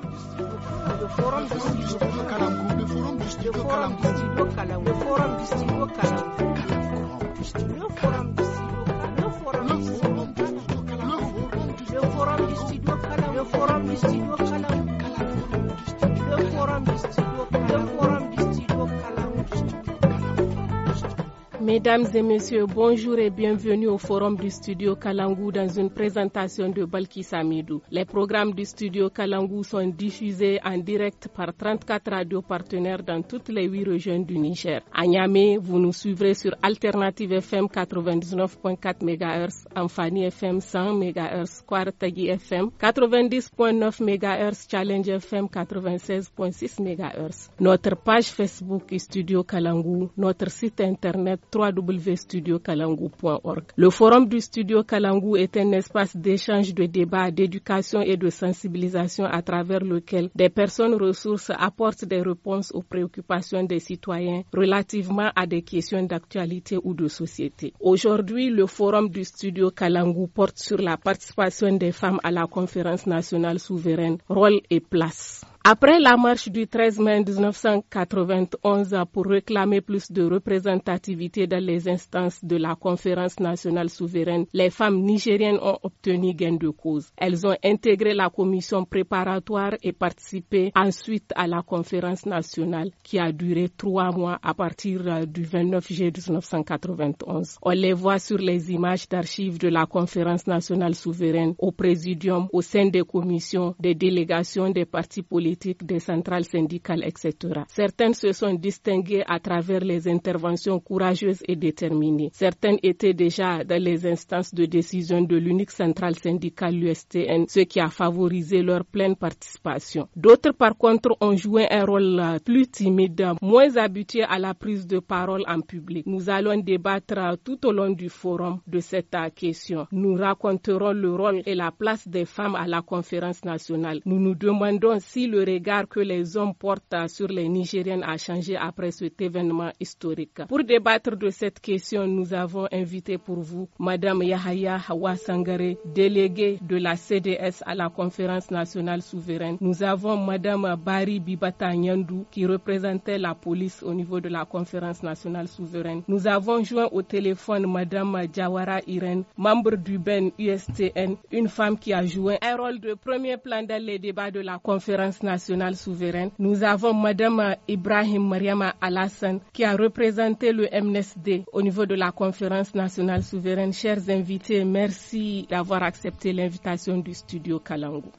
forum district kalam the forum district kalam the forum district kalam the forum district kalam the forum district kalam the forum district Mesdames et messieurs, bonjour et bienvenue au forum du studio Kalangou dans une présentation de Balki Samidou. Les programmes du studio Kalangou sont diffusés en direct par 34 radios partenaires dans toutes les huit régions du Niger. À Niamey, vous nous suivrez sur Alternative FM 99.4 MHz, Amfani FM 100 MHz, Kwartagi FM 90.9 MHz, Challenge FM 96.6 MHz. Notre page Facebook Studio Kalangu, notre site internet www.studiokalangu.org. Le forum du studio Kalangu est un espace d'échange, de débat, d'éducation et de sensibilisation à travers lequel des personnes ressources apportent des réponses aux préoccupations des citoyens relativement à des questions d'actualité ou de société. Aujourd'hui, le forum du studio Kalangu porte sur la participation des femmes à la conférence nationale souveraine, rôle et place. Après la marche du 13 mai 1991 pour réclamer plus de représentativité dans les instances de la conférence nationale souveraine, les femmes nigériennes ont obtenu gain de cause. Elles ont intégré la commission préparatoire et participé ensuite à la conférence nationale qui a duré trois mois à partir du 29 juillet 1991. On les voit sur les images d'archives de la conférence nationale souveraine au présidium, au sein des commissions, des délégations des partis politiques des centrales syndicales, etc. Certaines se sont distinguées à travers les interventions courageuses et déterminées. Certaines étaient déjà dans les instances de décision de l'unique centrale syndicale, l'USTN, ce qui a favorisé leur pleine participation. D'autres, par contre, ont joué un rôle euh, plus timide, moins habitué à la prise de parole en public. Nous allons débattre euh, tout au long du forum de cette euh, question. Nous raconterons le rôle et la place des femmes à la conférence nationale. Nous nous demandons si le le regard que les hommes portent sur les Nigériennes a changé après cet événement historique. Pour débattre de cette question, nous avons invité pour vous Madame Yahaya Hawasangare, déléguée de la CDS à la Conférence nationale souveraine. Nous avons Madame Bari Bibata Nyandou, qui représentait la police au niveau de la Conférence nationale souveraine. Nous avons joint au téléphone Madame Jawara Irene, membre du BEN USTN, une femme qui a joué un rôle de premier plan dans les débats de la Conférence nationale nationale souveraine. Nous avons Madame Ibrahim Mariama Alassane qui a représenté le MNSD au niveau de la conférence nationale souveraine. Chers invités, merci d'avoir accepté l'invitation du studio Kalango.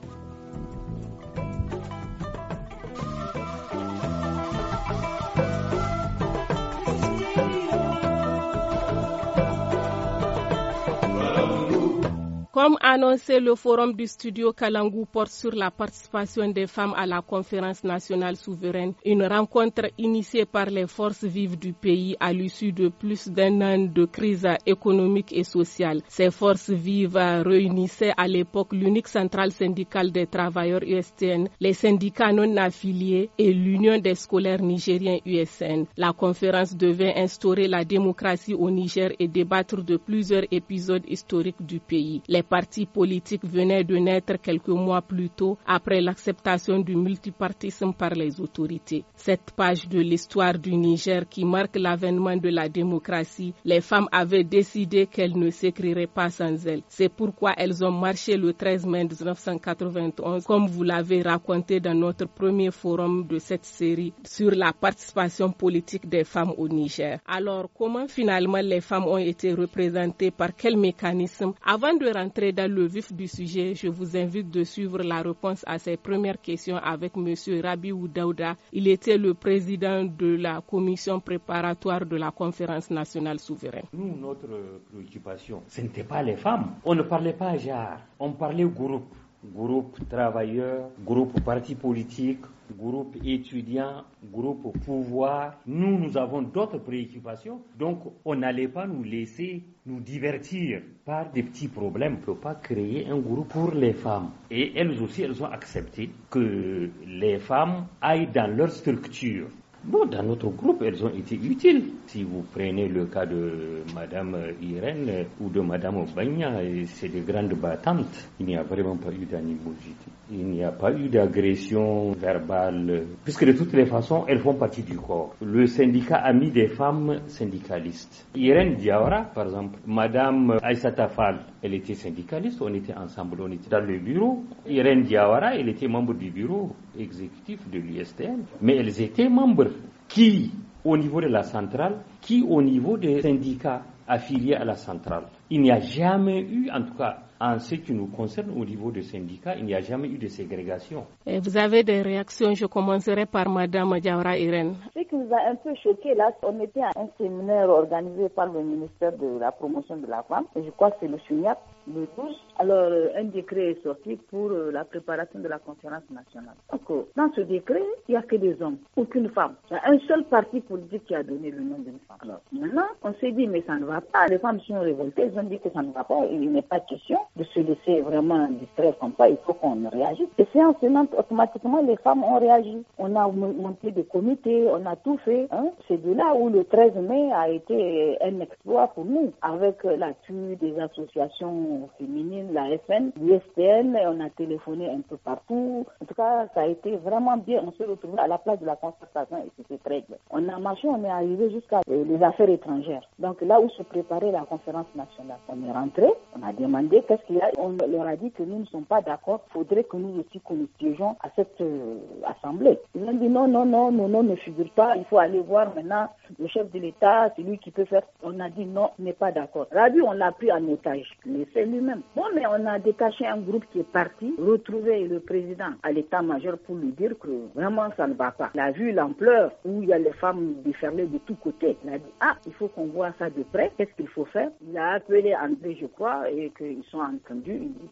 Comme annoncé, le forum du studio Kalangu porte sur la participation des femmes à la conférence nationale souveraine, une rencontre initiée par les forces vives du pays à l'issue de plus d'un an de crise économique et sociale. Ces forces vives réunissaient à l'époque l'unique centrale syndicale des travailleurs USTN, les syndicats non affiliés et l'Union des scolaires nigériens USN. La conférence devait instaurer la démocratie au Niger et débattre de plusieurs épisodes historiques du pays les partis politiques venaient de naître quelques mois plus tôt après l'acceptation du multipartisme par les autorités. Cette page de l'histoire du Niger qui marque l'avènement de la démocratie, les femmes avaient décidé qu'elles ne s'écriraient pas sans elles. C'est pourquoi elles ont marché le 13 mai 1991, comme vous l'avez raconté dans notre premier forum de cette série sur la participation politique des femmes au Niger. Alors, comment finalement les femmes ont été représentées par quel mécanisme avant de rentrer entrer dans le vif du sujet, je vous invite de suivre la réponse à ces premières questions avec M. Rabi Oudaouda. Il était le président de la commission préparatoire de la conférence nationale souveraine. Nous, notre préoccupation, ce n'était pas les femmes. On ne parlait pas genre, on parlait au groupe groupe travailleurs, groupe parti politique, groupe étudiants, groupe pouvoir. Nous, nous avons d'autres préoccupations, donc on n'allait pas nous laisser nous divertir par des petits problèmes. On ne peut pas créer un groupe pour les femmes. Et elles aussi, elles ont accepté que les femmes aillent dans leur structure Bon, dans notre groupe, elles ont été utiles. Si vous prenez le cas de Madame Irène ou de Madame Bagna, c'est des grandes battantes. Il n'y a vraiment pas eu d'animosité il n'y a pas eu d'agression verbale, puisque de toutes les façons, elles font partie du corps. Le syndicat a mis des femmes syndicalistes. Irène Diawara, par exemple, Madame Aïssa Tafal, elle était syndicaliste, on était ensemble, on était dans le bureau. Irène Diawara, elle était membre du bureau exécutif de l'USTN mais elles étaient membres. Qui au niveau de la centrale, qui au niveau des syndicats affiliés à la centrale. Il n'y a jamais eu, en tout cas, en ce qui nous concerne, au niveau du syndicats, il n'y a jamais eu de ségrégation. Et vous avez des réactions. Je commencerai par Madame Diawara Irène. Ce qui nous a un peu choqué là, on était à un séminaire organisé par le ministère de la promotion de la femme. Et je crois que c'est le SUNYAP, le 12. Alors, euh, un décret est sorti pour euh, la préparation de la conférence nationale. Donc, euh, dans ce décret, il n'y a que des hommes, aucune femme. Il y a un seul parti politique qui a donné le nom d'une femme. Alors, maintenant, on s'est dit, mais ça ne va pas. Les femmes sont révoltées, elles ont dit que ça ne va pas, il n'est pas question de se laisser vraiment distraire comme ça, il faut qu'on réagisse. Et c'est en moment automatiquement, les femmes ont réagi. On a monté des comités, on a tout fait. Hein. C'est de là où le 13 mai a été un exploit pour nous, avec tue des associations féminines, la FN, l'USTN, on a téléphoné un peu partout. En tout cas, ça a été vraiment bien. On se retrouvés à la place de la concertation et c'était très bien. On a marché, on est arrivé jusqu'à euh, les affaires étrangères. Donc là où se préparait la conférence nationale. On est rentré, on a demandé qu'est-ce on leur a dit que nous ne sommes pas d'accord, faudrait que nous aussi nous siégeons à cette euh, assemblée. Ils ont dit non, non, non, non, non, ne figure pas, il faut aller voir maintenant le chef de l'État, c'est lui qui peut faire. On a dit non, n'est pas d'accord. Rabi, on l'a pris en otage, mais c'est lui-même. Bon, mais on a détaché un groupe qui est parti, retrouver le président à l'état-major pour lui dire que vraiment ça ne va pas. Il a vu l'ampleur où il y a les femmes déferlées de tous côtés. Il a dit ah, il faut qu'on voit ça de près, qu'est-ce qu'il faut faire Il a appelé André, je crois, et qu'ils sont en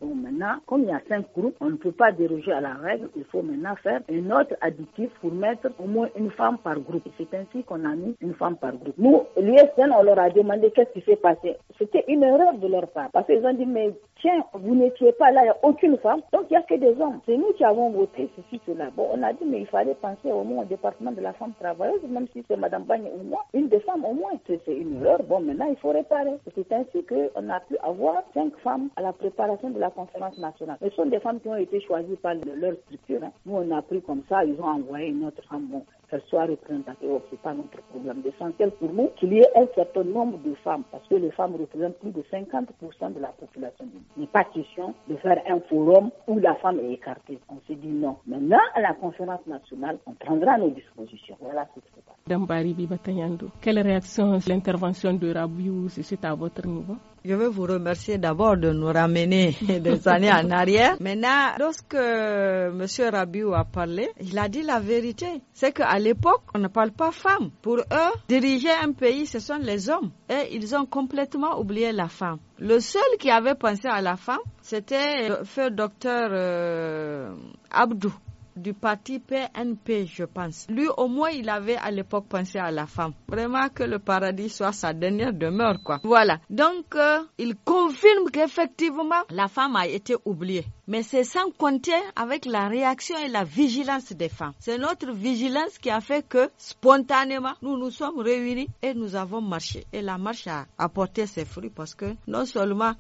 bon maintenant, comme il y a cinq groupes, on ne peut pas déroger à la règle, il faut maintenant faire un autre additif pour mettre au moins une femme par groupe. C'est ainsi qu'on a mis une femme par groupe. Nous, l'USN, on leur a demandé qu'est-ce qui s'est passé. C'était une erreur de leur part. Parce qu'ils ont dit, mais tiens, vous n'étiez pas là, il n'y a aucune femme, donc il n'y a que des hommes. C'est nous qui avons voté ceci, cela. Bon, on a dit, mais il fallait penser au moins au département de la femme travailleuse, même si c'est Madame Bagne ou moi, une des femmes au moins. C'est une erreur, bon, maintenant il faut réparer. C'est ainsi qu'on a pu avoir cinq femmes à la préparation de la conférence nationale. Ce sont des femmes qui ont été choisies par leur structure. Hein. Nous, on a pris comme ça, ils ont envoyé notre autre femme qu'elle soit représentées ce pas notre problème. L'essentiel pour nous, qu'il y ait un certain nombre de femmes, parce que les femmes représentent plus de 50% de la population. Il n'est pas question de faire un forum où la femme est écartée. On se dit non. Maintenant, à la conférence nationale, on prendra nos dispositions. Voilà ce qui se Dambari Bibatayando, quelle réaction l'intervention de Rabiou, c'est à votre niveau je veux vous remercier d'abord de nous ramener des années en arrière. Maintenant, lorsque euh, M. Rabiou a parlé, il a dit la vérité. C'est qu'à à l'époque, on ne parle pas femme. Pour eux, diriger un pays, ce sont les hommes. Et ils ont complètement oublié la femme. Le seul qui avait pensé à la femme, c'était le feu docteur euh, Abdou du parti PNP, je pense. Lui, au moins, il avait à l'époque pensé à la femme. Vraiment que le paradis soit sa dernière demeure, quoi. Voilà. Donc, euh, il confirme qu'effectivement, la femme a été oubliée. Mais c'est sans compter avec la réaction et la vigilance des femmes. C'est notre vigilance qui a fait que, spontanément, nous nous sommes réunis et nous avons marché. Et la marche a apporté ses fruits parce que non seulement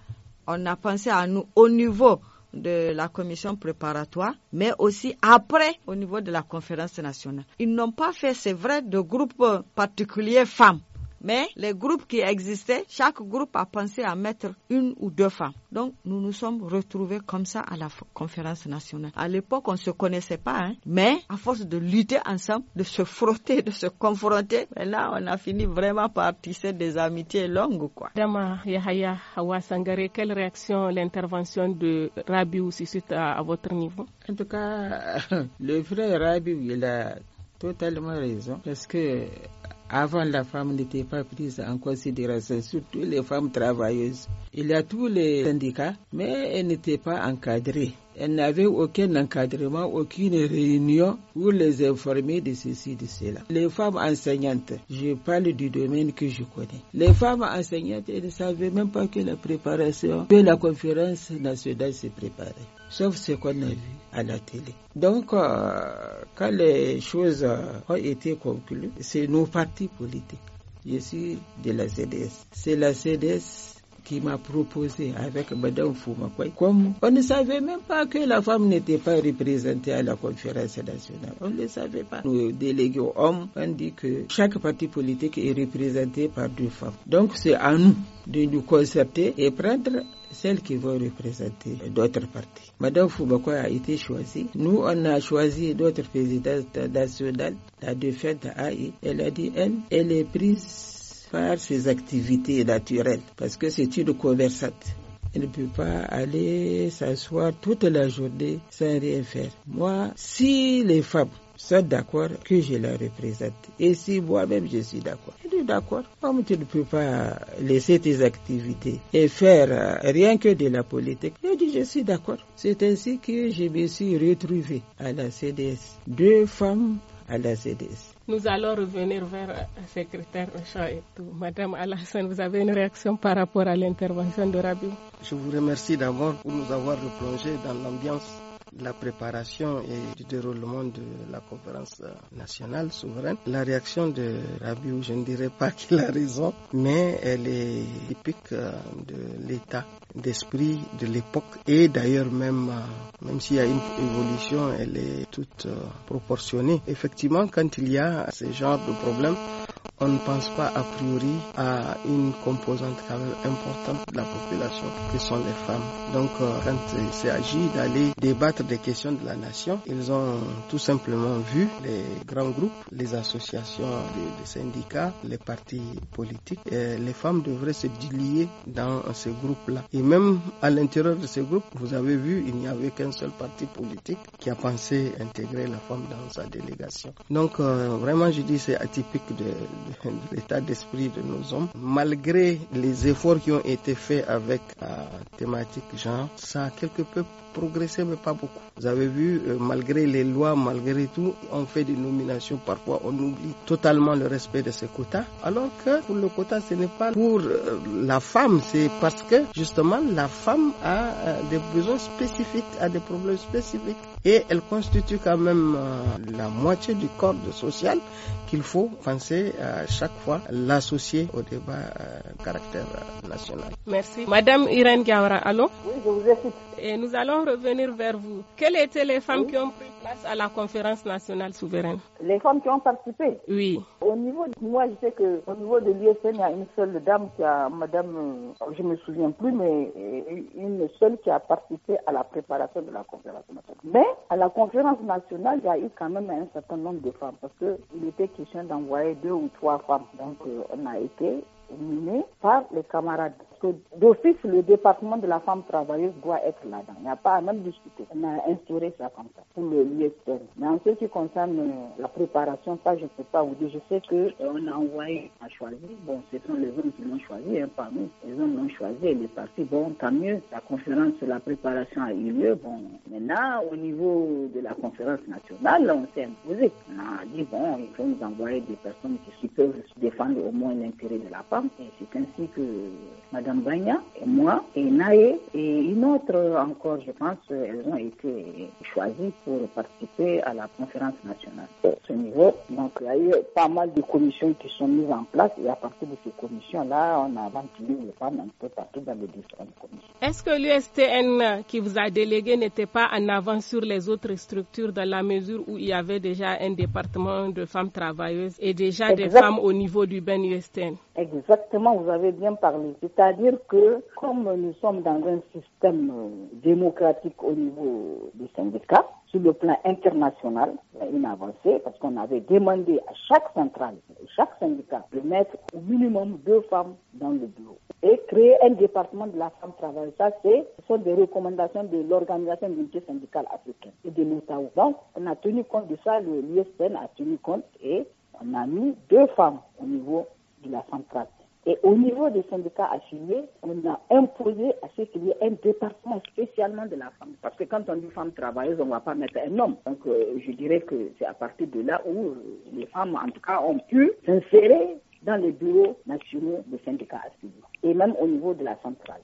on a pensé à nous au niveau de la commission préparatoire, mais aussi après au niveau de la conférence nationale. Ils n'ont pas fait, c'est vrai, de groupes particuliers femmes, mais les groupes qui existaient, chaque groupe a pensé à mettre une ou deux femmes. Donc nous nous sommes retrouvés comme ça à la conférence nationale. À l'époque, on ne se connaissait pas, hein, mais à force de lutter ensemble, de se frotter, de se confronter, ben là, on a fini vraiment par tisser des amitiés longues. Quoi. Dama Yahaya Hawa quelle réaction l'intervention de Rabiou si à, à votre niveau En tout cas, le vrai Rabiou, il a totalement raison parce que avant, la femme n'était pas prise en considération, surtout les femmes travailleuses. Il y a tous les syndicats, mais elles n'étaient pas encadrées. Elle n'avait aucun encadrement, aucune réunion pour les informer de ceci, de cela. Les femmes enseignantes, je parle du domaine que je connais. Les femmes enseignantes, elles ne savaient même pas que la préparation, de la conférence nationale se préparait. Sauf ce qu'on a vu à la télé. Donc, euh, quand les choses ont été conclues, c'est nos partis politiques. Je suis de la CDS. C'est la CDS qui m'a proposé avec Madame Foumakoy, comme on ne savait même pas que la femme n'était pas représentée à la conférence nationale. On ne le savait pas. Nous déléguons hommes, on dit que chaque parti politique est représenté par deux femmes. Donc c'est à nous de nous concerter et prendre celles qui vont représenter d'autres partis. Madame Foubakoy a été choisie. Nous, on a choisi d'autres présidents nationales. La défunte elle a dit, elle, elle est prise par ses activités naturelles, parce que c'est une conversate. Elle ne peut pas aller s'asseoir toute la journée sans rien faire. Moi, si les femmes sont d'accord que je la représente, et si moi-même je suis d'accord, je suis d'accord. Comme tu ne peux pas laisser tes activités et faire euh, rien que de la politique, je dis je suis d'accord. C'est ainsi que je me suis retrouvée à la CDS. Deux femmes à la CDS. Nous allons revenir vers euh, secrétaire secrétaire. et tout. Madame Alassane, vous avez une réaction par rapport à l'intervention de Rabi Je vous remercie d'abord pour nous avoir replongé dans l'ambiance la préparation et le déroulement de la conférence nationale souveraine. La réaction de Rabiou, je ne dirais pas qu'il a raison, mais elle est typique euh, de l'état d'esprit de l'époque et d'ailleurs même euh, même s'il y a une évolution elle est toute euh, proportionnée effectivement quand il y a ce genre de problème on ne pense pas a priori à une composante quand même importante de la population que sont les femmes. Donc euh, quand il s'agit d'aller débattre des questions de la nation, ils ont tout simplement vu les grands groupes, les associations de, syndicats, les partis politiques. Et les femmes devraient se dilier dans ces groupes-là. Et même à l'intérieur de ces groupes, vous avez vu, il n'y avait qu'un seul parti politique qui a pensé intégrer la femme dans sa délégation. Donc euh, vraiment, je dis c'est atypique de l'état d'esprit de nos hommes. Malgré les efforts qui ont été faits avec la euh, thématique genre, ça a quelque peu progresser mais pas beaucoup. Vous avez vu, euh, malgré les lois, malgré tout, on fait des nominations. Parfois, on oublie totalement le respect de ces quotas. Alors que pour le quota, ce n'est pas pour euh, la femme, c'est parce que justement, la femme a euh, des besoins spécifiques, a des problèmes spécifiques. Et elle constitue quand même la moitié du corps social qu'il faut penser à chaque fois l'associer au débat caractère national. Merci. Madame Irène Gawara, allô Oui, je vous écoute et nous allons revenir vers vous. Quelles étaient les femmes qui ont pris place à la conférence nationale souveraine Les femmes qui ont participé Oui. Au niveau, moi je sais que au niveau de l'ISN il y a une seule dame qui a, madame, euh, je me souviens plus, mais euh, une seule qui a participé à la préparation de la conférence nationale. Mais à la conférence nationale, il y a eu quand même un certain nombre de femmes parce qu'il était question d'envoyer deux ou trois femmes. Donc euh, on a été nommés par les camarades que d'office, le département de la femme travailleuse doit être là-dedans. Il n'y a pas à même discuter. On a instauré ça comme ça pour le lieu externe. Mais en ce qui concerne euh, la préparation, ça, je ne peux pas vous dire. Je sais qu'on euh, a envoyé à choisir. Bon, ce sont les hommes qui l'ont choisi, hein, pas nous. Les hommes l'ont choisi les parties Bon, tant mieux. La conférence sur la préparation a eu lieu. Bon, maintenant, au niveau de la conférence nationale, on s'est imposé. On a dit, bon, il faut nous envoyer des personnes qui peuvent défendre au moins l'intérêt de la femme. Et c'est ainsi que euh, Madame Zambagna, et moi, et Naé, et une autre encore, je pense, elles ont été choisies pour participer à la conférence nationale. À ce niveau, donc il y a eu pas mal de commissions qui sont mises en place, et à partir de ces commissions-là, on a 28 les femmes un peu partout dans les différentes commissions. Est-ce que l'USTN qui vous a délégué n'était pas en avance sur les autres structures dans la mesure où il y avait déjà un département de femmes travailleuses et déjà des femmes au niveau du BEN USTN Exactement, vous avez bien parlé. cest c'est-à-dire que comme nous sommes dans un système euh, démocratique au niveau du syndicat, sur le plan international, ben, une avancée parce qu'on avait demandé à chaque centrale, chaque syndicat, de mettre au minimum deux femmes dans le bureau et créer un département de la femme travail. Ça, ce sont des recommandations de l'Organisation d'unité syndicale africaine et de l'OTAO. Donc, on a tenu compte de ça, le l'USN a tenu compte et on a mis deux femmes au niveau de la centrale. Et au niveau des syndicats affiliés, on a imposé à ce qu'il y ait un département spécialement de la femme. Parce que quand on dit femme travailleuse, on ne va pas mettre un homme. Donc euh, je dirais que c'est à partir de là où euh, les femmes, en tout cas, ont pu s'insérer dans les bureaux nationaux des syndicats affiliés. Et même au niveau de la centrale.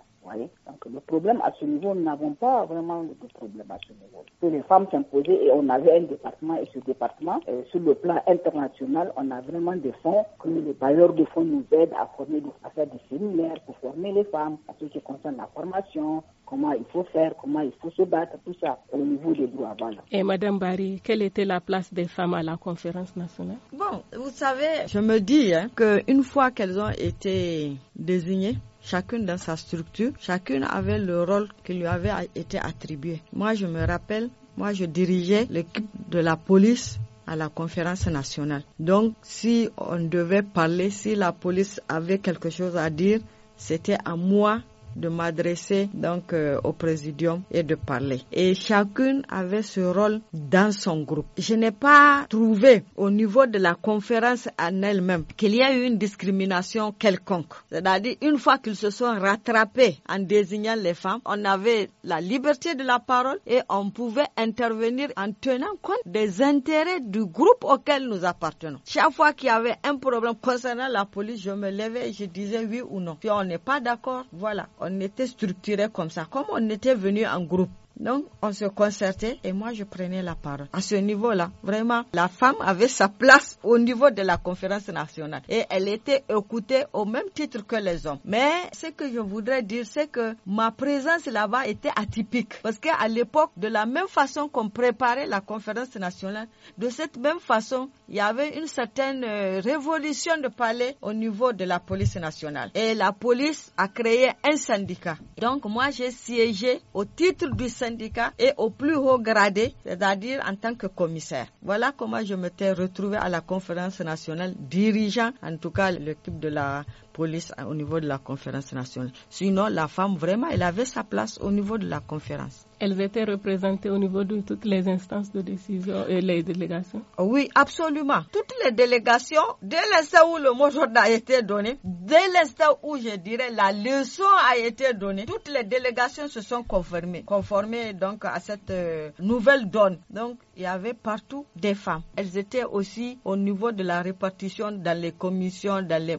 Donc le problème à ce niveau, nous n'avons pas vraiment de problème à ce niveau. les femmes s'imposaient et on avait un département et ce département, euh, sur le plan international, on a vraiment des fonds les bailleurs de fonds nous aident à former, à faire des séminaires pour former les femmes à ce qui concerne la formation, comment il faut faire, comment il faut se battre, tout ça au niveau des droits. Voilà. Et Madame Barry, quelle était la place des femmes à la conférence nationale Bon, vous savez, je me dis hein, qu'une fois qu'elles ont été désignées, chacune dans sa structure, chacune avait le rôle qui lui avait été attribué. Moi, je me rappelle, moi, je dirigeais l'équipe de la police à la conférence nationale. Donc, si on devait parler, si la police avait quelque chose à dire, c'était à moi de m'adresser donc euh, au présidium et de parler. Et chacune avait ce rôle dans son groupe. Je n'ai pas trouvé au niveau de la conférence en elle-même qu'il y a eu une discrimination quelconque. C'est-à-dire une fois qu'ils se sont rattrapés en désignant les femmes, on avait la liberté de la parole et on pouvait intervenir en tenant compte des intérêts du groupe auquel nous appartenons. Chaque fois qu'il y avait un problème concernant la police, je me levais et je disais oui ou non. Si on n'est pas d'accord, voilà on était structuré comme ça, comme on était venu en groupe. Donc, on se concertait et moi, je prenais la parole. À ce niveau-là, vraiment, la femme avait sa place au niveau de la conférence nationale et elle était écoutée au même titre que les hommes. Mais ce que je voudrais dire, c'est que ma présence là-bas était atypique parce qu'à l'époque, de la même façon qu'on préparait la conférence nationale, de cette même façon, il y avait une certaine euh, révolution de palais au niveau de la police nationale. Et la police a créé un syndicat. Donc, moi, j'ai siégé au titre du syndicat syndicat et au plus haut gradé, c'est-à-dire en tant que commissaire. Voilà comment je m'étais retrouvé à la conférence nationale dirigeant, en tout cas l'équipe de la police au niveau de la conférence nationale. Sinon, la femme, vraiment, elle avait sa place au niveau de la conférence. Elles étaient représentées au niveau de toutes les instances de décision et les délégations Oui, absolument. Toutes les délégations, dès l'instant où le mot d'ordre a été donné, dès l'instant où, je dirais, la leçon a été donnée, toutes les délégations se sont conformées, conformées donc à cette euh, nouvelle donne. Donc, il y avait partout des femmes. Elles étaient aussi au niveau de la répartition dans les commissions, dans les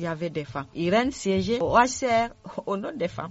il y avait des femmes. Irène siégeait au HCR au nom des femmes.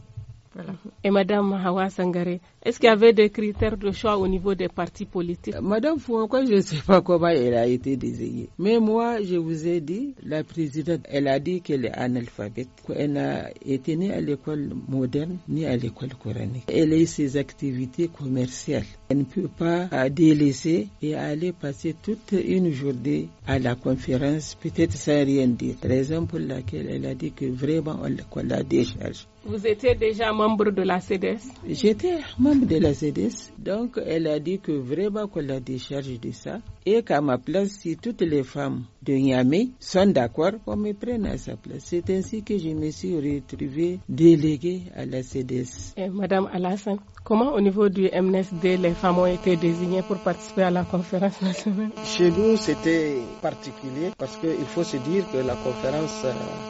Et Madame Hawa Sangare, est-ce qu'il y avait des critères de choix au niveau des partis politiques Madame je ne sais pas comment elle a été désignée. Mais moi, je vous ai dit, la présidente, elle a dit qu'elle est analphabète. Elle n'a été ni à l'école moderne, ni à l'école coranique. Elle a eu ses activités commerciales. Elle ne peut pas euh, délaisser et aller passer toute une journée à la conférence, peut-être sans rien dire. Raison pour laquelle elle a dit que vraiment on la décharge. Vous étiez déjà membre de la CDS J'étais membre de la CDS. Donc, elle a dit que vraiment qu'on la décharge de ça qu'à ma place, si toutes les femmes de Niamey sont d'accord, qu'on me prenne à sa place. C'est ainsi que je me suis retrouvée déléguée à la CDS. Et Madame Alassane, comment au niveau du MNSD les femmes ont été désignées pour participer à la conférence nationale Chez nous, c'était particulier parce qu'il faut se dire que la conférence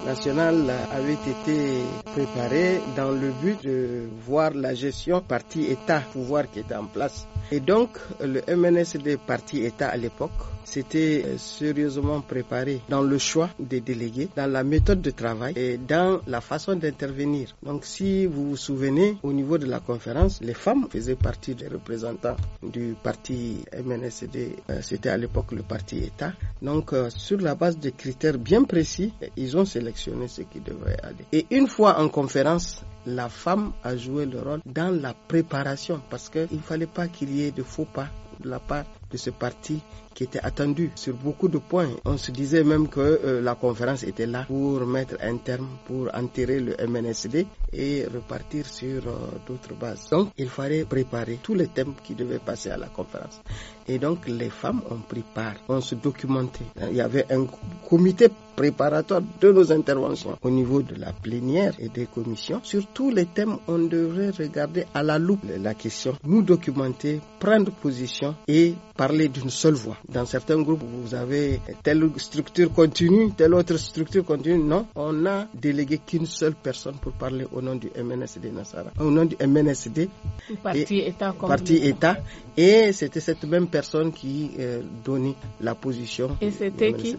nationale avait été préparée dans le but de voir la gestion parti-État, pouvoir qui était en place. Et donc, le MNSD parti-État à époque, c'était euh, sérieusement préparé dans le choix des délégués, dans la méthode de travail et dans la façon d'intervenir. Donc si vous vous souvenez, au niveau de la conférence, les femmes faisaient partie des représentants du parti MNSD, euh, c'était à l'époque le parti État. Donc euh, sur la base de critères bien précis, ils ont sélectionné ce qui devrait aller. Et une fois en conférence, la femme a joué le rôle dans la préparation parce qu'il ne fallait pas qu'il y ait de faux pas de la part de ce parti qui était attendu sur beaucoup de points. On se disait même que euh, la conférence était là pour mettre un terme, pour enterrer le MNSD et repartir sur euh, d'autres bases. Donc, il fallait préparer tous les thèmes qui devaient passer à la conférence. Et donc, les femmes ont pris part, ont se documenté. Il y avait un comité préparatoire de nos interventions au niveau de la plénière et des commissions. Sur tous les thèmes, on devrait regarder à la loupe la question, nous documenter, prendre position et parler d'une seule voix. Dans certains groupes, vous avez telle structure continue, telle autre structure continue. Non, on a délégué qu'une seule personne pour parler au nom du MNSD Nassara, au nom du MNSD. Parti État. Parti État. Et c'était cette même personne qui euh, donnait la position. Et c'était qui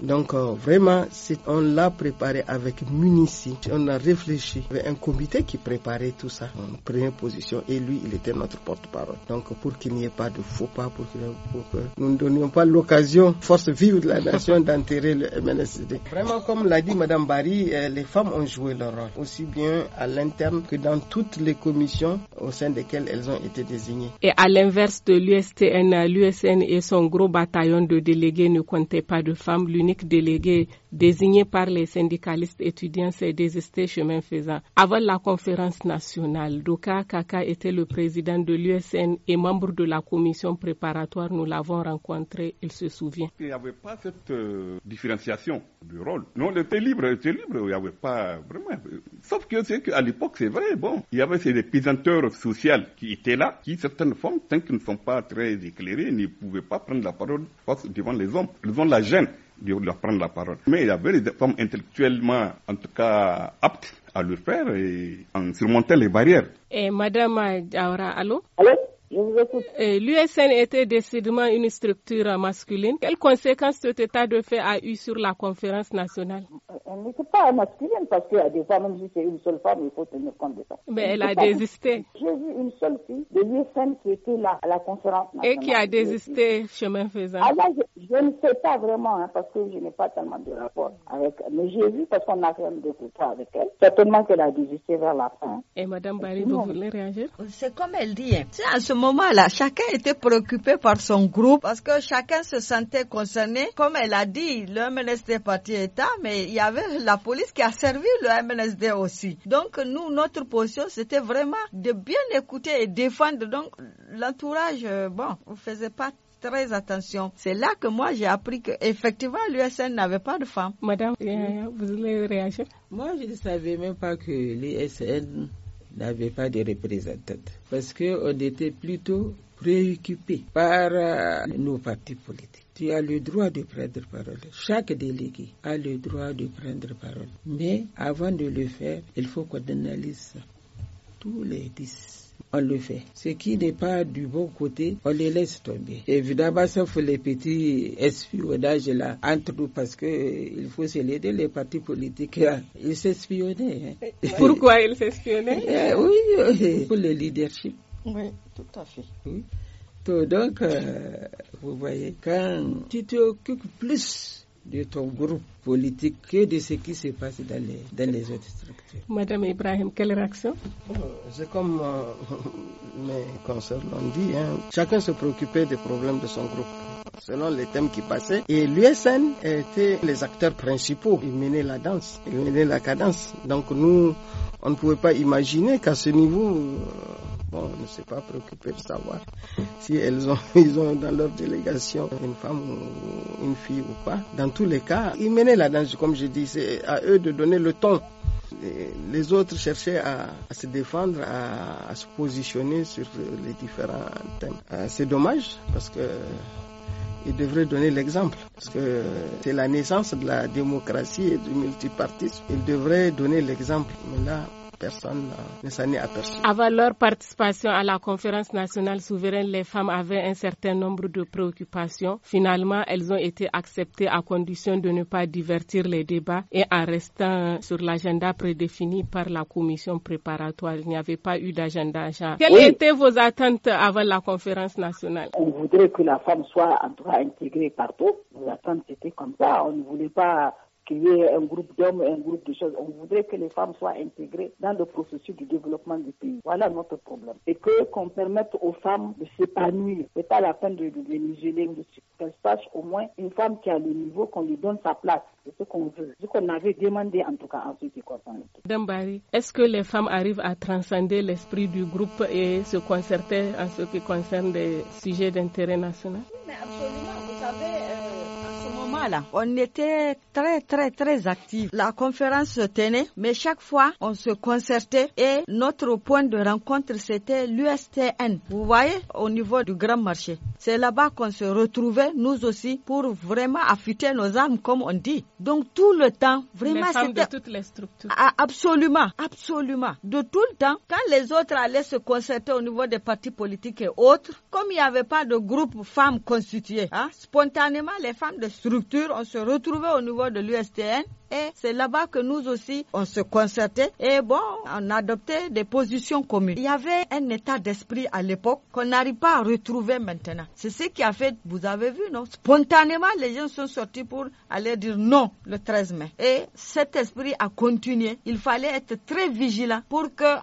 Donc euh, vraiment, on l'a préparé avec Munici. On a réfléchi. Il y avait un comité qui préparait tout ça. On prenait position et lui, il était notre porte-parole. Donc pour qu'il n'y ait pas de faux pas, pour, que, nous ne donnions pas l'occasion, force vive de la nation, d'enterrer le MNSD. Vraiment, comme l'a dit Madame Barry, euh, les femmes ont joué leur rôle, aussi bien à l'interne que dans toutes les commissions au sein desquelles elles ont été désignées. Et à l'inverse de l'USTN, l'USN et son gros bataillon de délégués ne comptaient pas de femmes. L'unique délégué désigné par les syndicalistes étudiants s'est désisté chemin faisant. Avant la conférence nationale, Doka Kaka était le président de l'USN et membre de la commission préparatoire. Nous l'avons rencontré, il se souvient. Il n'y avait pas cette euh, différenciation du rôle. Non, il était libre, il était libre, il n'y avait pas vraiment. Sauf que c'est qu'à l'époque, c'est vrai, bon, il y avait ces pesanteurs sociaux qui étaient là, qui certaines font, tant qu'ils ne sont pas très éclairés, ne pouvaient pas prendre la parole devant les hommes. Ils ont la gêne de leur prendre la parole. Mais il y avait des femmes intellectuellement, en tout cas, aptes à le faire et en surmontant les barrières. Et Madame Aura, allô Allô vous écoute. L'USN était décidément une structure masculine. Quelles conséquences cet état de fait a eu sur la conférence nationale Elle n'était pas masculine parce qu'il y a des fois, même si c'est une seule femme, il faut tenir compte de ça. Mais elle a désisté. J'ai vu une seule fille de l'USN qui était là à la conférence nationale. Et qui a désisté, chemin faisant. Ah, je, ne sais pas vraiment hein, parce que je n'ai pas tellement de rapport avec elle. Mais j'ai vu parce qu'on a fait un découpage avec elle. Certainement qu'elle a désisté vers la fin. Et Mme Barry, vous voulez réagir C'est comme elle dit. C'est hein. ce moment moment-là, chacun était préoccupé par son groupe parce que chacun se sentait concerné. Comme elle a dit, le MNSD est parti État, mais il y avait la police qui a servi le MNSD aussi. Donc nous, notre position, c'était vraiment de bien écouter et défendre. Donc l'entourage, euh, bon, ne faisait pas très attention. C'est là que moi j'ai appris qu'effectivement l'USN n'avait pas de femmes. Madame, euh, vous voulez réagir Moi je ne savais même pas que l'USN n'avait pas de représentante parce qu'on était plutôt préoccupé par euh, nos partis politiques. Tu as le droit de prendre parole. Chaque délégué a le droit de prendre parole. Mais avant de le faire, il faut qu'on analyse tous les dix le fait. Ce qui n'est pas du bon côté, on les laisse tomber. Évidemment, ça sauf les petits espionnages là, entre nous, parce que euh, il faut se l'aider, les partis politiques, hein. ils s'espionnaient. Hein. Pourquoi ils s'espionnaient eh Oui, pour le leadership. Oui, tout à fait. Oui. Donc, euh, vous voyez, quand tu t'occupes plus de ton groupe politique que de ce qui se passe dans les, autres structures. Madame Ibrahim, quelle réaction oh, C'est comme euh, mes consoeurs l'ont dit, hein. chacun se préoccupait des problèmes de son groupe selon les thèmes qui passaient. Et l'USN était les acteurs principaux. Ils menaient la danse, ils menaient la cadence. Donc nous, on ne pouvait pas imaginer qu'à ce niveau, euh, Bon, on ne s'est pas préoccupé de savoir si elles ont, ils ont dans leur délégation une femme ou une fille ou pas. Dans tous les cas, ils menaient la danse, comme je dis, c'est à eux de donner le ton. les autres cherchaient à, se défendre, à, se positionner sur les différents thèmes. Euh, c'est dommage parce que ils devraient donner l'exemple. Parce que c'est la naissance de la démocratie et du multipartisme. Ils devraient donner l'exemple. là, personne euh, Avant leur participation à la conférence nationale souveraine, les femmes avaient un certain nombre de préoccupations. Finalement, elles ont été acceptées à condition de ne pas divertir les débats et en restant sur l'agenda prédéfini par la commission préparatoire. Il n'y avait pas eu d'agenda. Quelles étaient vos attentes avant la conférence nationale On voudrait que la femme soit en droit intégrée partout. Nos attentes étaient comme ça. On ne voulait pas qu'il y ait un groupe d'hommes, un groupe de choses. On voudrait que les femmes soient intégrées dans le processus du développement du pays. Voilà notre problème. Et que qu'on permette aux femmes de s'épanouir. C'est pas la peine de, les museler, de, qu'elles sachent au moins une femme qui a le niveau, qu'on lui donne sa place. C'est ce qu'on veut, ce qu'on avait demandé en tout cas en ce qui concerne. Dambari, est-ce que les femmes arrivent à transcender l'esprit du groupe et se concerter en ce qui concerne des sujets d'intérêt national? Mais absolument on était très très très actifs. La conférence se tenait, mais chaque fois on se concertait et notre point de rencontre c'était l'USTN. Vous voyez, au niveau du grand marché. C'est là-bas qu'on se retrouvait, nous aussi, pour vraiment affûter nos armes, comme on dit. Donc tout le temps, vraiment, c'était... de toutes les structures. Ah, absolument, absolument. De tout le temps, quand les autres allaient se concerter au niveau des partis politiques et autres, comme il n'y avait pas de groupe femmes constitué, hein, spontanément, les femmes de structure, on se retrouvait au niveau de l'USTN et c'est là-bas que nous aussi, on se concertait et bon, on adoptait des positions communes. Il y avait un état d'esprit à l'époque qu'on n'arrive pas à retrouver maintenant. C'est ce qui a fait, vous avez vu, non Spontanément, les gens sont sortis pour aller dire non le 13 mai. Et cet esprit a continué. Il fallait être très vigilant pour que,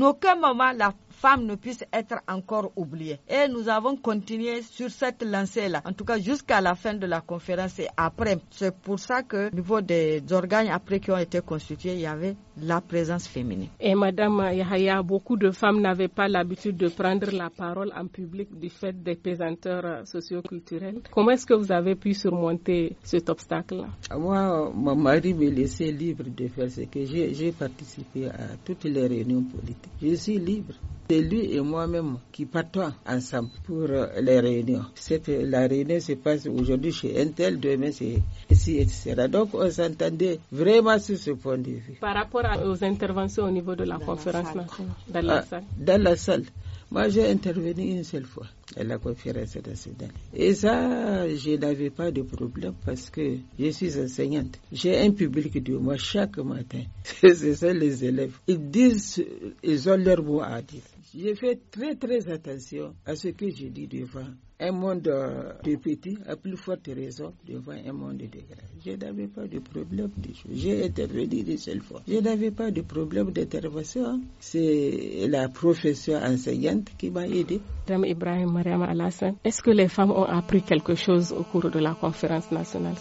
aucun moment, la femmes ne puissent être encore oubliées. Et nous avons continué sur cette lancée-là, en tout cas jusqu'à la fin de la conférence et après. C'est pour ça que au niveau des organes après qui ont été constitués, il y avait la présence féminine. Et Madame Yahya, beaucoup de femmes n'avaient pas l'habitude de prendre la parole en public du fait des pesanteurs socioculturels. Comment est-ce que vous avez pu surmonter cet obstacle-là Moi, mon mari me laissait libre de faire ce que j'ai participé à toutes les réunions politiques. Je suis libre. C'est lui et moi-même qui partons ensemble pour les réunions. la réunion se passe aujourd'hui chez Intel, demain c'est ici, etc. Donc on s'entendait vraiment sur ce point de vue. Par rapport aux interventions au niveau de la conférence nationale, dans la ah, salle Dans la salle. Moi, j'ai intervenu une seule fois à la conférence nationale. Et ça, je n'avais pas de problème parce que je suis enseignante. J'ai un public de moi chaque matin. Ce sont les élèves. Ils disent, ils ont leur mot à dire. J'ai fait très très attention à ce que je dis devant un monde euh, de petits a plus forte raison devant un monde de grands. Je n'avais pas de problème de J'ai une seule fois. Je n'avais pas de problème d'intervention. C'est la professeure enseignante qui m'a aidé. Ibrahim Mariam Alassane, est-ce que les femmes ont appris quelque chose au cours de la conférence nationale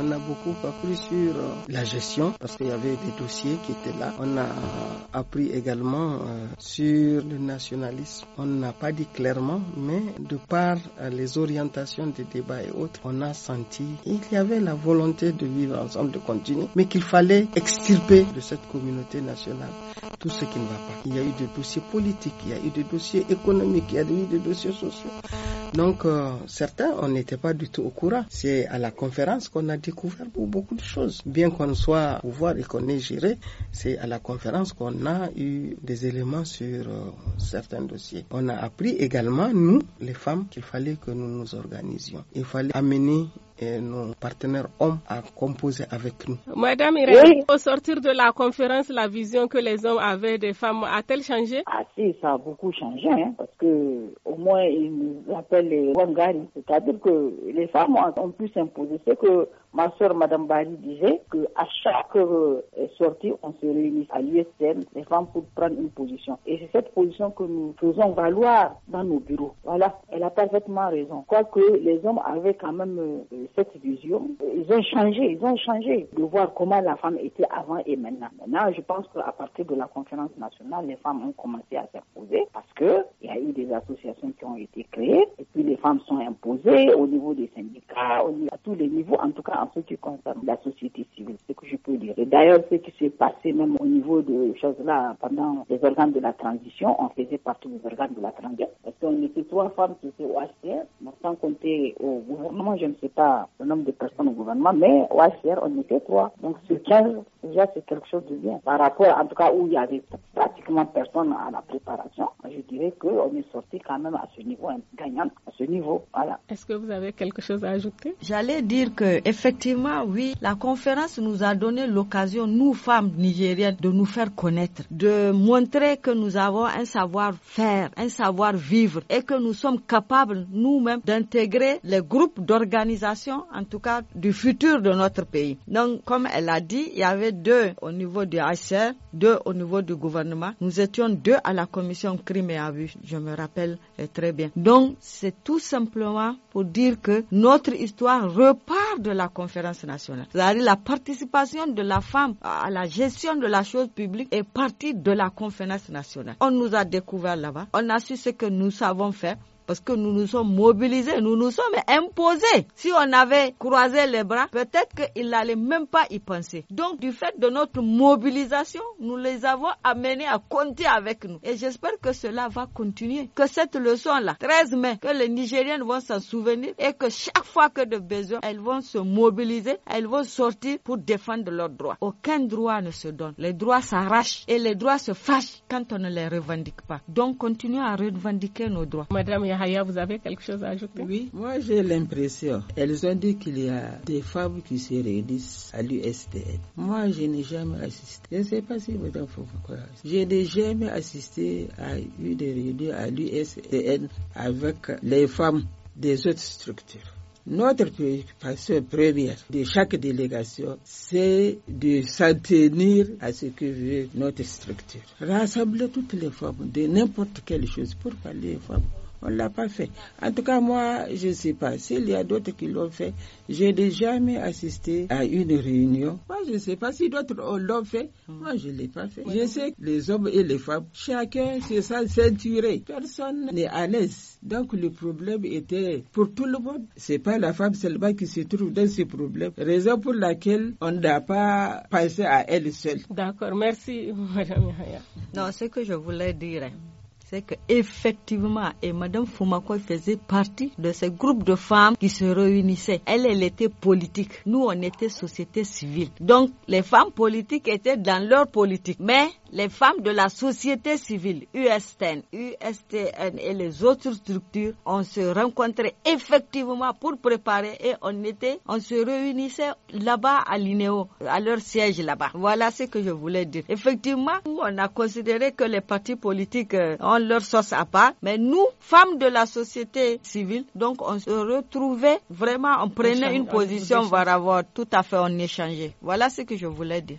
On a beaucoup appris sur euh, la gestion parce qu'il y avait des dossiers qui étaient là. On a appris également euh, sur le nationalisme. On n'a pas dit clairement, mais de part euh, les orientations des débats et autres, on a senti qu'il y avait la volonté de vivre ensemble, de continuer, mais qu'il fallait extirper de cette communauté nationale tout ce qui ne va pas. Il y a eu des dossiers politiques, il y a eu des dossiers économiques, il y a eu des dossiers sociaux. Donc, euh, certains, on n'était pas du tout au courant. C'est à la conférence qu'on a découvert beaucoup de choses. Bien qu'on soit au pouvoir et qu'on ait géré, c'est à la conférence qu'on a eu des éléments sur euh, certains dossiers. On a appris également, nous, les femmes, qu'il fallait que nous nous organisions. Il fallait amener et nos partenaires hommes à composer avec nous. Madame Irène, au sortir de la conférence, la vision que les hommes avaient des femmes a-t-elle changé Ah si, ça a beaucoup changé, hein, parce que au moins ils nous appellent les Wangari, c'est-à-dire que les femmes ont pu s'imposer. C'est que Ma soeur, Madame Bali, disait qu'à chaque euh, sortie, on se réunit à l'USM, les femmes, pour prendre une position. Et c'est cette position que nous faisons valoir dans nos bureaux. Voilà, elle a parfaitement raison. Quoique les hommes avaient quand même euh, cette vision, ils ont changé, ils ont changé de voir comment la femme était avant et maintenant. Maintenant, je pense qu'à partir de la conférence nationale, les femmes ont commencé à s'imposer parce qu'il y a eu des associations qui ont été créées et puis les femmes sont imposées au niveau des syndicats, à tous les niveaux, en tout cas en ce qui concerne la société civile, ce que je peux dire. Et d'ailleurs, ce qui s'est passé même au niveau de choses-là, pendant les organes de la transition, on faisait partout les organes de la transition. Parce qu'on était trois femmes qui étaient au HCR, sans compter au gouvernement, je ne sais pas le nombre de personnes au gouvernement, mais au HCR, on était trois. Donc ce 15, déjà, c'est quelque chose de bien. Par rapport, en tout cas, où il y avait pratiquement personne à la préparation, je dirais qu'on est sorti quand même à ce niveau, hein, gagnant à ce niveau. Voilà. Est-ce que vous avez quelque chose à ajouter J'allais dire que effectivement, oui, la conférence nous a donné l'occasion, nous femmes nigériennes, de nous faire connaître, de montrer que nous avons un savoir-faire, un savoir-vivre et que nous sommes capables nous-mêmes d'intégrer les groupes d'organisation, en tout cas du futur de notre pays. Donc, comme elle a dit, il y avait deux au niveau du HCR, deux au niveau du gouvernement. Nous étions deux à la commission crime mais à je me rappelle très bien. Donc, c'est tout simplement pour dire que notre histoire repart de la conférence nationale. la participation de la femme à la gestion de la chose publique est partie de la conférence nationale. On nous a découvert là-bas, on a su ce que nous savons faire, parce que nous nous sommes mobilisés, nous nous sommes imposés. Si on avait croisé les bras, peut-être qu'ils n'allaient même pas y penser. Donc, du fait de notre mobilisation, nous les avons amenés à compter avec nous. Et j'espère que cela va continuer. Que cette leçon-là, 13 mai, que les Nigériennes vont s'en souvenir et que chaque fois que de besoin, elles vont se mobiliser, elles vont sortir pour défendre leurs droits. Aucun droit ne se donne. Les droits s'arrachent et les droits se fâchent quand on ne les revendique pas. Donc, continuons à revendiquer nos droits. Madame vous avez quelque chose à ajouter Oui, moi j'ai l'impression, elles ont dit qu'il y a des femmes qui se réunissent à l'USTN. Moi, je n'ai jamais assisté. Je ne sais pas si vous quoi. Je n'ai jamais assisté à une réunion à l'USDN avec les femmes des autres structures. Notre préoccupation première de chaque délégation, c'est de s'en tenir à ce que veut notre structure. Rassembler toutes les femmes de n'importe quelle chose pour parler aux femmes. On ne l'a pas fait. En tout cas, moi, je ne sais pas. S'il y a d'autres qui l'ont fait, je n'ai jamais assisté à une réunion. Moi, je ne sais pas si d'autres l'ont fait. Moi, je ne l'ai pas fait. Je sais que les hommes et les femmes, chacun se sent ceinturé. Personne n'est à l'aise. Donc, le problème était pour tout le monde. Ce n'est pas la femme seulement qui se trouve dans ce problème. Raison pour laquelle on n'a pas pensé à elle seule. D'accord. Merci, Madame Non, ce que je voulais dire, c'est qu'effectivement, et Madame Fumakoy faisait partie de ce groupe de femmes qui se réunissaient. Elle, elle était politique. Nous, on était société civile. Donc, les femmes politiques étaient dans leur politique. Mais les femmes de la société civile, USTN, USTN et les autres structures, on se rencontrait effectivement pour préparer et on était, on se réunissait là-bas à l'INEO, à leur siège là-bas. Voilà ce que je voulais dire. Effectivement, on a considéré que les partis politiques euh, ont leur sauce à part. Mais nous, femmes de la société civile, donc on se retrouvait vraiment, on prenait une position, va avoir tout à fait, on échangeait. Voilà ce que je voulais dire.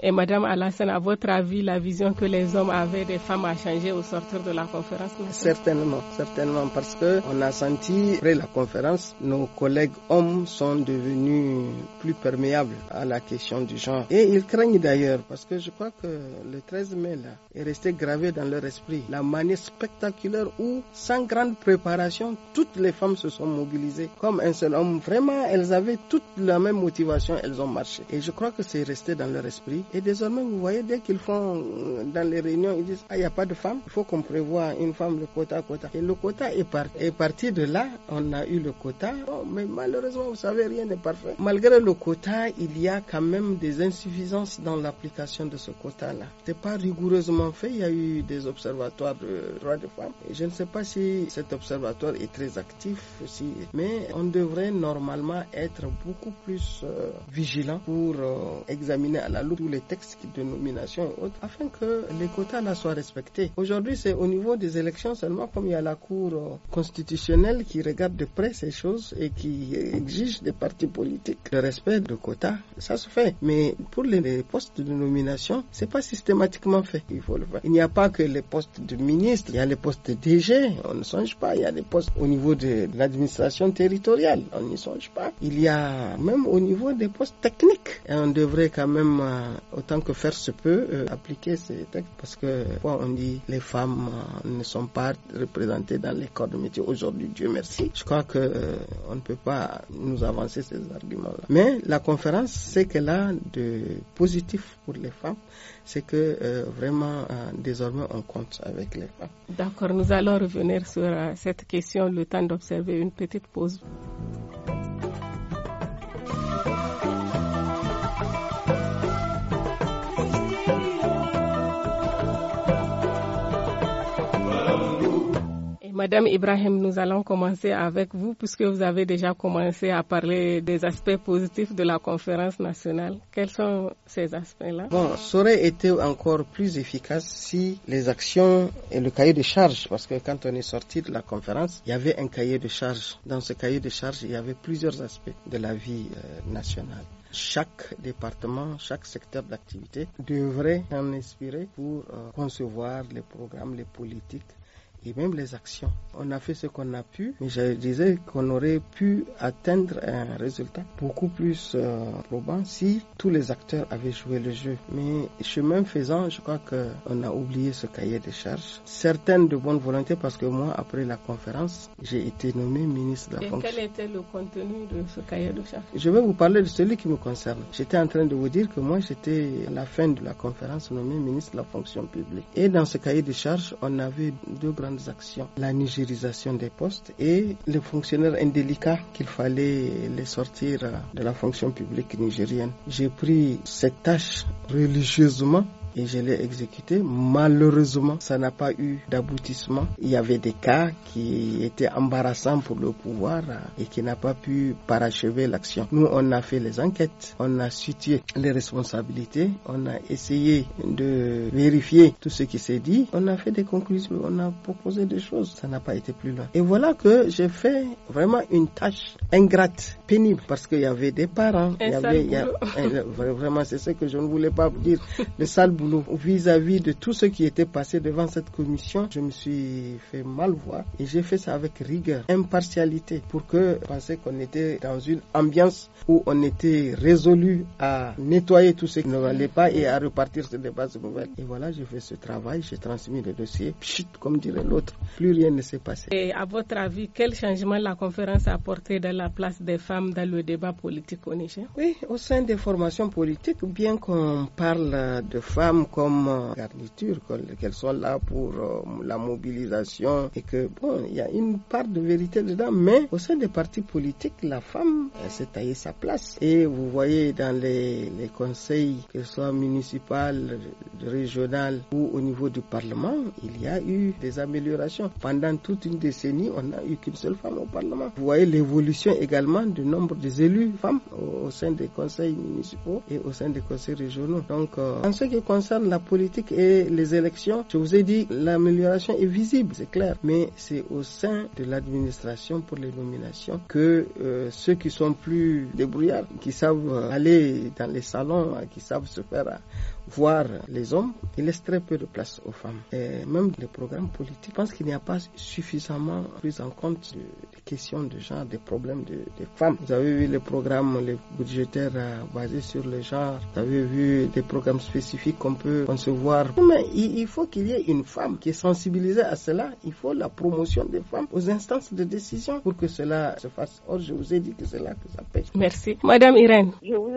Et Madame Alassane, à votre avis, la vision que les hommes avaient des femmes a changé au sortir de la conférence Certainement, certainement, parce que on a senti après la conférence, nos collègues hommes sont devenus plus perméables à la question du genre. Et ils craignent d'ailleurs, parce que je crois que le 13 mai là est resté gravé dans leur esprit la manière spectaculaire où, sans grande préparation, toutes les femmes se sont mobilisées comme un seul homme. Vraiment, elles avaient toute la même motivation, elles ont marché. Et je crois que c'est resté dans leur esprit. Et désormais, vous voyez, dès qu'ils font euh, dans les réunions, ils disent, ah, il n'y a pas de femme, il faut qu'on prévoie une femme, le quota, quota. Et le quota est parti. Et parti de là, on a eu le quota. Oh, mais malheureusement, vous savez, rien n'est parfait. Malgré le quota, il y a quand même des insuffisances dans l'application de ce quota-là. n'est pas rigoureusement fait. Il y a eu des observatoires de droits de femmes. Et je ne sais pas si cet observatoire est très actif aussi, mais on devrait normalement être beaucoup plus euh, vigilant pour euh, examiner à la tous les textes de nomination et autres, afin que les quotas soient respectés. Aujourd'hui, c'est au niveau des élections seulement, comme il y a la Cour euh, constitutionnelle qui regarde de près ces choses et qui exige des partis politiques le respect de quotas. Ça se fait. Mais pour les postes de nomination, c'est pas systématiquement fait. Il faut le Il n'y a pas que les postes de ministre, il y a les postes de DG, on ne songe pas. Il y a des postes au niveau de l'administration territoriale, on n'y songe pas. Il y a même au niveau des postes techniques, et on devrait quand même autant que faire se peut, euh, appliquer ces textes parce que on dit les femmes euh, ne sont pas représentées dans les corps de métier aujourd'hui, Dieu merci. Je crois que euh, on ne peut pas nous avancer ces arguments-là. Mais la conférence, c'est qu'elle a de positif pour les femmes, c'est que vraiment désormais on compte avec les femmes. D'accord, nous allons revenir sur cette question le temps d'observer une petite pause. Madame Ibrahim, nous allons commencer avec vous puisque vous avez déjà commencé à parler des aspects positifs de la conférence nationale. Quels sont ces aspects-là Bon, ça aurait été encore plus efficace si les actions et le cahier de charges, parce que quand on est sorti de la conférence, il y avait un cahier de charges. Dans ce cahier de charges, il y avait plusieurs aspects de la vie euh, nationale chaque département, chaque secteur d'activité devrait en inspirer pour euh, concevoir les programmes, les politiques et même les actions. On a fait ce qu'on a pu, mais je disais qu'on aurait pu atteindre un résultat beaucoup plus euh, probant si tous les acteurs avaient joué le jeu. Mais chemin faisant, je crois qu'on a oublié ce cahier de charges. Certaines de bonne volonté, parce que moi, après la conférence, j'ai été nommé ministre de la et Quel était le contenu de ce cahier de charges Je vais vous parler de celui qui me concerne. J'étais en train de vous dire que moi, j'étais à la fin de la conférence nommé ministre de la fonction publique. Et dans ce cahier de charges, on avait deux grandes actions, la nigérisation des postes et les fonctionnaires indélicats qu'il fallait les sortir de la fonction publique nigérienne. J'ai pris cette tâche religieusement et je l'ai exécuté. Malheureusement, ça n'a pas eu d'aboutissement. Il y avait des cas qui étaient embarrassants pour le pouvoir euh, et qui n'a pas pu parachever l'action. Nous, on a fait les enquêtes, on a situé les responsabilités, on a essayé de vérifier tout ce qui s'est dit, on a fait des conclusions, on a proposé des choses. Ça n'a pas été plus loin. Et voilà que j'ai fait vraiment une tâche ingrate, pénible, parce qu'il y avait des parents, il y avait, eh, vraiment, c'est ce que je ne voulais pas vous dire, le sale Vis-à-vis de tout ce qui était passé devant cette commission, je me suis fait mal voir et j'ai fait ça avec rigueur, impartialité, pour que je pensais qu'on était dans une ambiance où on était résolu à nettoyer tout ce qui ne valait pas et à repartir sur des bases nouvelles. Et voilà, j'ai fait ce travail, j'ai transmis le dossier, pchit, comme dirait l'autre, plus rien ne s'est passé. Et à votre avis, quel changement la conférence a apporté dans la place des femmes dans le débat politique au Niger Oui, au sein des formations politiques, bien qu'on parle de femmes, comme garniture, euh, qu'elles soient là pour euh, la mobilisation et que, bon, il y a une part de vérité dedans, mais au sein des partis politiques, la femme elle s'est taillée sa place. Et vous voyez dans les, conseils, que ce soit municipal, régional ou au niveau du Parlement, il y a eu des améliorations. Pendant toute une décennie, on n'a eu qu'une seule femme au Parlement. Vous voyez l'évolution également du nombre des élus femmes au, sein des conseils municipaux et au sein des conseils régionaux. Donc, euh, en ce qui concerne la politique et les élections, je vous ai dit, l'amélioration est visible, c'est clair, mais c'est au sein de l'administration pour les nominations que euh, ceux qui sont plus débrouillards, qui savent aller dans les salons, hein, qui savent se faire hein, voir les hommes, il laisse très peu de place aux femmes. Et même les programmes politiques, je pense qu'il n'y a pas suffisamment pris en compte les questions de genre, des problèmes de, des femmes. Vous avez vu les programmes les budgétaires euh, basés sur le genre, vous avez vu des programmes spécifiques qu'on peut concevoir. Mais il, faut qu'il y ait une femme qui est sensibilisée à cela. Il faut la promotion des femmes aux instances de décision pour que cela se fasse. Or, je vous ai dit que c'est là que ça pêche. Merci. Madame Irène. Je vous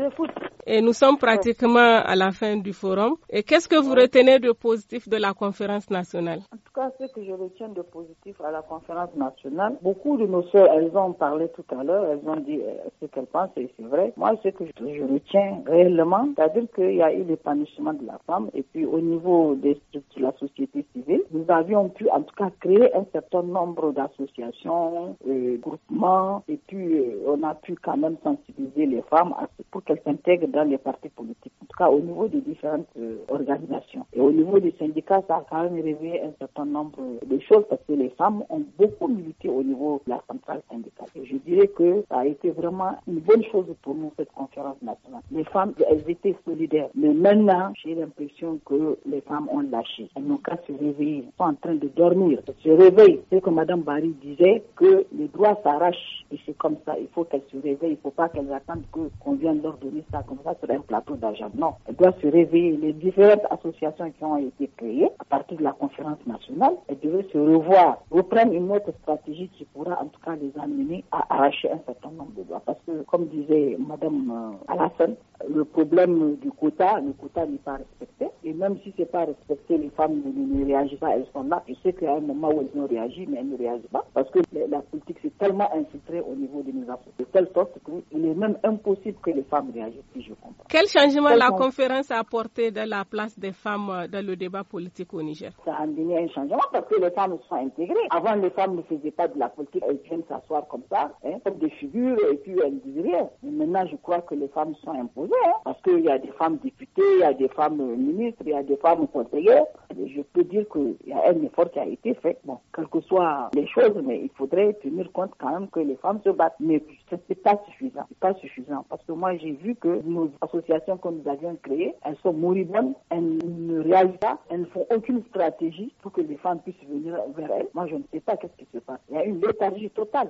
et nous sommes oh. pratiquement à la fin du forum. Et qu'est-ce que vous retenez de positif de la conférence nationale cas, ce que je retiens de positif à la conférence nationale, beaucoup de nos sœurs, elles ont parlé tout à l'heure, elles ont dit euh, ce qu'elles pensent et c'est vrai. Moi, ce que je, retiens réellement, c'est-à-dire qu'il y a eu l'épanouissement de la femme et puis au niveau des structures de la société civile, nous avions pu en tout cas créer un certain nombre d'associations, euh, groupements et puis euh, on a pu quand même sensibiliser les femmes à, pour qu'elles s'intègrent dans les partis politiques, en tout cas au niveau des différentes euh, organisations. Et au niveau des syndicats, ça a quand même réveillé un certain nombre de choses parce que les femmes ont beaucoup milité au niveau de la centrale syndicale. je dirais que ça a été vraiment une bonne chose pour nous, cette conférence nationale. Les femmes, elles étaient solidaires. Mais maintenant, j'ai l'impression que les femmes ont lâché. Elles n'ont qu'à se réveiller. Elles sont en train de dormir. se réveiller, C'est que Mme Barry disait que les droits s'arrachent. Et c'est comme ça. Il faut qu'elles se réveillent. Il ne faut pas qu'elles attendent qu'on vienne leur donner ça comme ça sur un plateau d'argent. Non. Elles doivent se réveiller. Les différentes associations qui ont été créées à partir de la conférence nationale nationale et se revoir, reprendre une autre stratégie qui pourra en tout cas les amener à arracher un certain nombre de droits. Parce que, comme disait Madame euh, Alassane, le problème du quota, le quota n'est pas respecté. Et même si c'est pas respecté, les femmes ne, réagissent pas, elles sont là. Je sais qu'à un moment où elles ont réagi, mais elles ne réagissent pas. Parce que la politique s'est tellement infiltrée au niveau de nos affaires, de telle sorte qu'il est même impossible que les femmes réagissent, si je comprends. Quel changement la conférence a apporté de la place des femmes euh, dans le débat politique au Niger Ça a amené un changement parce que les femmes sont intégrées. Avant, les femmes ne faisaient pas de la politique. Elles viennent s'asseoir comme ça, hein, comme des figures, et puis elles disent rien. Mais maintenant, je crois que les femmes sont imposées, hein, parce qu'il y a des femmes députées, il y a des femmes ministres, il y a des femmes conseillères. Et je peux dire qu'il y a un effort qui a été fait. Bon, quelles que soient les choses, mais il faudrait tenir compte quand même que les femmes se battent. Mais ce n'est pas suffisant. pas suffisant. Parce que moi, j'ai vu que nos associations que nous avions créées, elles sont moribondes, elles ne réalisent pas, elles ne font aucune stratégie pour que les les femmes puissent venir vers elle. Moi, je ne sais pas qu'est-ce qui se passe. Il y a une léthargie totale.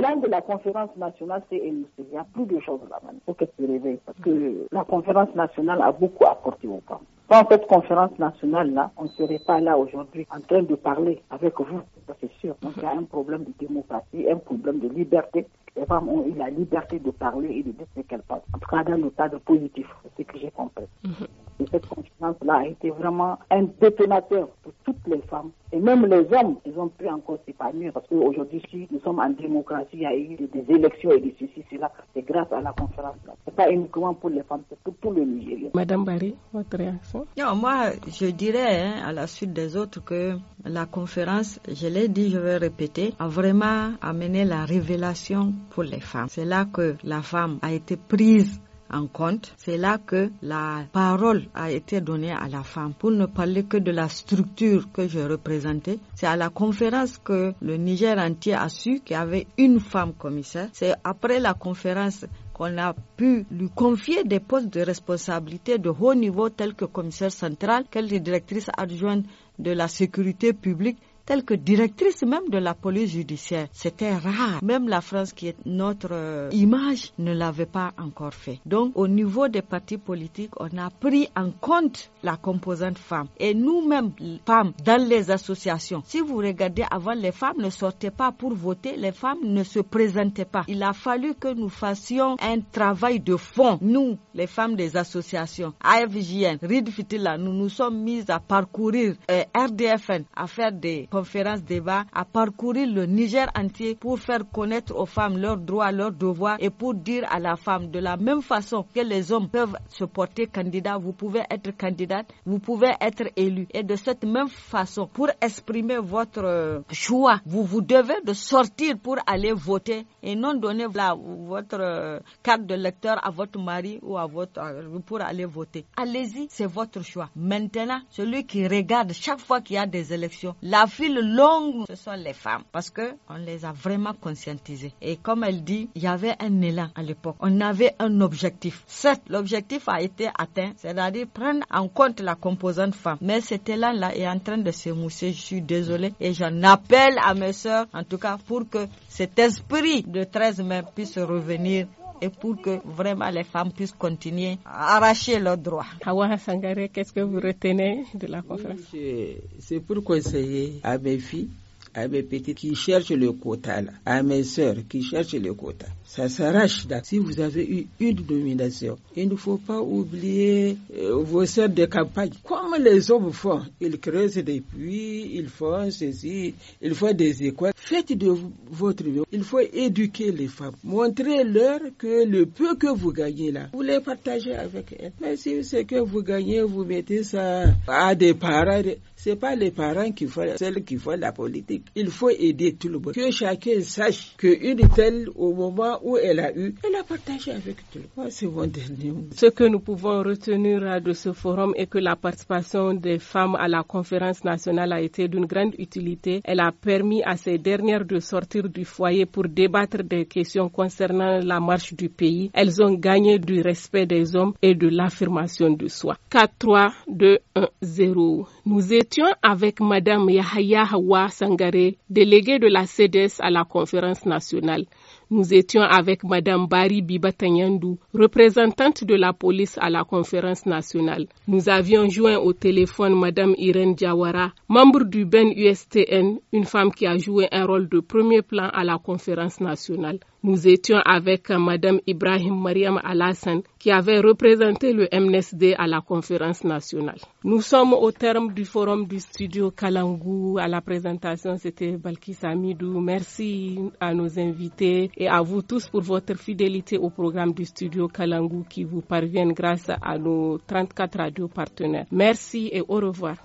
lendemain de la conférence nationale, c'est Il y a plus de choses là-bas. Il faut qu'elle se réveille parce que la conférence nationale a beaucoup apporté au camp. Sans cette conférence nationale-là, on ne serait pas là aujourd'hui en train de parler avec vous, c'est sûr. Donc il y a un problème de démocratie, un problème de liberté, les femmes ont eu la liberté de parler et de dire ce qu'elles pensent. En tout cas, dans le cadre positif, c'est ce que j'ai compris. Mhm. Et cette conférence-là a été vraiment un détonateur pour toutes les femmes et même les hommes, ils ont pu encore s'épanouir parce qu'aujourd'hui, si nous sommes en démocratie, il y a eu des élections et des ceci, c'est grâce à la conférence. Ce n'est pas uniquement pour les femmes, c'est pour tout le Nigeria. Madame Barry, votre réaction Moi, je dirais hein, à la suite des autres que la conférence, je l'ai dit, je vais répéter, a vraiment amené la révélation pour les femmes. C'est là que la femme a été prise en compte. C'est là que la parole a été donnée à la femme. Pour ne parler que de la structure que je représentais, c'est à la conférence que le Niger entier a su qu'il y avait une femme commissaire. C'est après la conférence qu'on a pu lui confier des postes de responsabilité de haut niveau tels que commissaire central, qu'elle est directrice adjointe de la sécurité publique telle que directrice même de la police judiciaire. C'était rare. Même la France, qui est notre euh, image, ne l'avait pas encore fait. Donc, au niveau des partis politiques, on a pris en compte la composante femme. Et nous-mêmes, femmes, dans les associations, si vous regardez avant, les femmes ne sortaient pas pour voter, les femmes ne se présentaient pas. Il a fallu que nous fassions un travail de fond. Nous, les femmes des associations, AFJN, RIDFITILA nous nous sommes mises à parcourir euh, RDFN, à faire des conférence débat à parcourir le Niger entier pour faire connaître aux femmes leurs droits, leurs devoirs et pour dire à la femme de la même façon que les hommes peuvent se porter candidat, vous pouvez être candidate, vous pouvez être élu. Et de cette même façon, pour exprimer votre euh, choix, vous vous devez de sortir pour aller voter et non donner votre euh, carte de lecteur à votre mari ou à votre euh, pour aller voter. Allez-y, c'est votre choix. Maintenant, celui qui regarde chaque fois qu'il y a des élections, la fille longue, ce sont les femmes, parce que on les a vraiment conscientisées. Et comme elle dit, il y avait un élan à l'époque. On avait un objectif. Certes, l'objectif a été atteint, c'est-à-dire prendre en compte la composante femme. Mais cet élan-là est en train de se mousser. Je suis désolée et j'en appelle à mes sœurs, en tout cas, pour que cet esprit de 13 mai puisse revenir et pour que vraiment les femmes puissent continuer à arracher leurs droits. Hawa Sangare, qu'est-ce que vous retenez de la conférence C'est pour conseiller à mes filles à mes petits qui cherchent le quota, à mes sœurs qui cherchent le quota. Ça s'arrache. Si vous avez eu une domination, il ne faut pas oublier euh, vos sœurs de campagne. Comme les hommes font, ils creusent des puits, ils font ceci, ils font des écoles. Faites de votre mieux. Il faut éduquer les femmes. Montrez-leur que le peu que vous gagnez là, vous les partagez avec elles. Mais si ce que vous gagnez, vous mettez ça à des parades. C'est pas les parents qui font, celles qui font la politique. Il faut aider tout le monde. Que chacun sache qu'une telle, au moment où elle a eu, elle a partagé avec tout le monde. C'est Ce que nous pouvons retenir de ce forum est que la participation des femmes à la conférence nationale a été d'une grande utilité. Elle a permis à ces dernières de sortir du foyer pour débattre des questions concernant la marche du pays. Elles ont gagné du respect des hommes et de l'affirmation de soi. 4, 3, 2, 1, 0. Nous étions avec Madame Yahaya Hawa Sangare, déléguée de la CDS à la conférence nationale. Nous étions avec Madame Barry Bibatanyandou, représentante de la police à la conférence nationale. Nous avions joint au téléphone Madame Irène Diawara, membre du BEN USTN, une femme qui a joué un rôle de premier plan à la conférence nationale. Nous étions avec Madame Ibrahim Mariam Alassane qui avait représenté le MNSD à la conférence nationale. Nous sommes au terme du forum du studio Kalangou. À la présentation, c'était Balkis Amidou. Merci à nos invités et à vous tous pour votre fidélité au programme du studio Kalangu qui vous parvient grâce à nos 34 radios partenaires. Merci et au revoir.